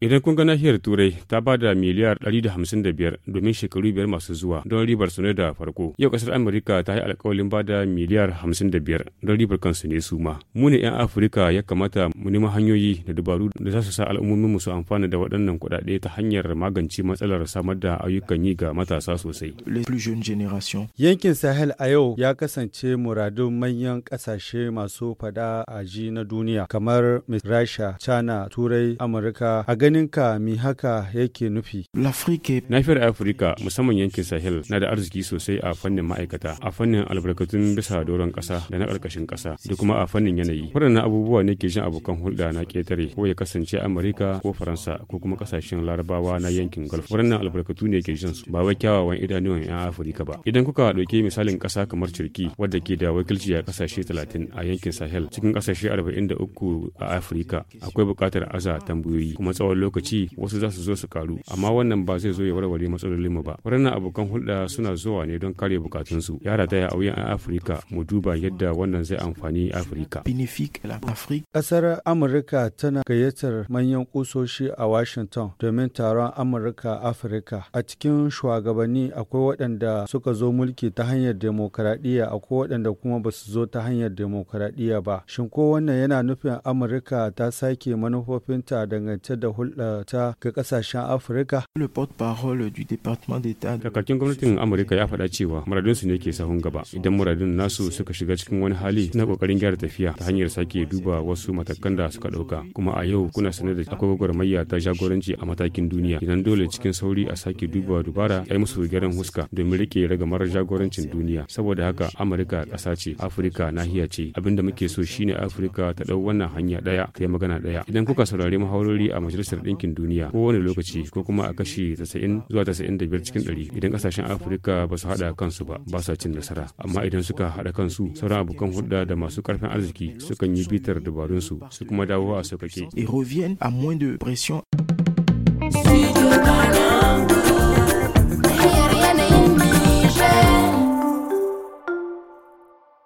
Idan kun ga nahiyar Turai ta ba da miliyar 155 domin shekaru biyar masu zuwa don ribar su ne da farko. Yau kasar Amurka ta yi alkawalin ba da miliyar 55 don ribar kansu ne su ma. Mu ne 'yan Afirka ya kamata mu nemi hanyoyi da dabaru da za su sa mu su amfana da waɗannan kuɗaɗe ta hanyar magance matsalar samar da ayyukan yi ga matasa sosai. Yankin Sahel a yau ya kasance muradun manyan ƙasashe masu fada a ji na duniya kamar Rasha, China, Turai, Amurka, a ganin ka mi haka yake nufi? Nafiyar Afirka musamman yankin Sahel na da arziki sosai a fannin ma'aikata, a fannin albarkatun bisa doron ƙasa da na ƙarƙashin ƙasa, da kuma a fannin yanayi. Waɗannan abubuwa ne ke jin abokan hulɗa na ketare ko ya kasance Amurka ko Faransa ko kuma kasashen Larabawa na yankin Gulf. Waɗannan albarkatu ne ke jin su, ba wai kyawawan idanuwan 'yan Afirka ba. Idan kuka ɗauki misalin ƙasa kamar Turki wadda ke da wakilci a kasashe 30 a yankin Sahel cikin ƙasashe uku a Afirka, akwai buƙatar aza tambayoyi kuma tsawon lokaci wasu za su zo su karu amma wannan ba zai zo ya warware matsalolin mu ba waɗannan abokan hulɗa suna zuwa ne don kare bukatunsu yara ta ya auyen a afirka mu duba yadda wannan zai amfani afirka ƙasar amurka tana gayyatar manyan kusoshi a washington domin taron amurka afirka a cikin shugabanni akwai waɗanda suka zo mulki ta hanyar demokaradiyya akwai waɗanda kuma ba su zo ta hanyar demokaradiyya ba shin ko wannan yana nufin amurka ta sake manufofin korafinta dangance da hulɗata ga ƙasashen Afirka. Kakakin gwamnatin Amurka ya faɗa cewa su ne ke sahun gaba. Idan muradun nasu suka shiga cikin wani hali na ƙoƙarin gyara tafiya ta hanyar sake duba wasu matakan da suka ɗauka. Kuma a yau kuna sanar da akwai gwagwarmayya ta jagoranci a matakin duniya. Idan dole cikin sauri a sake duba dubara ai musu gyaran huska domin rike ragamar jagorancin duniya. Saboda haka Amurka ƙasa ce, Afirka nahiya ce. Abinda muke so shine Afirka ta ɗau wannan hanya ɗaya ta yi magana ɗaya. Idan kuka saurari muhawarori a majalisar ɗinkin duniya ko wani lokaci ko kuma a kashi 90 zuwa 95 cikin 100 idan kasashen afirka ba su haɗa kansu ba ba sa cin nasara amma idan suka haɗa kansu sauran abokan hulɗa da masu ƙarfin arziki sukan yi bitar dabarun su su kuma dawo a sauƙaƙe. et reviennent à moins de pression.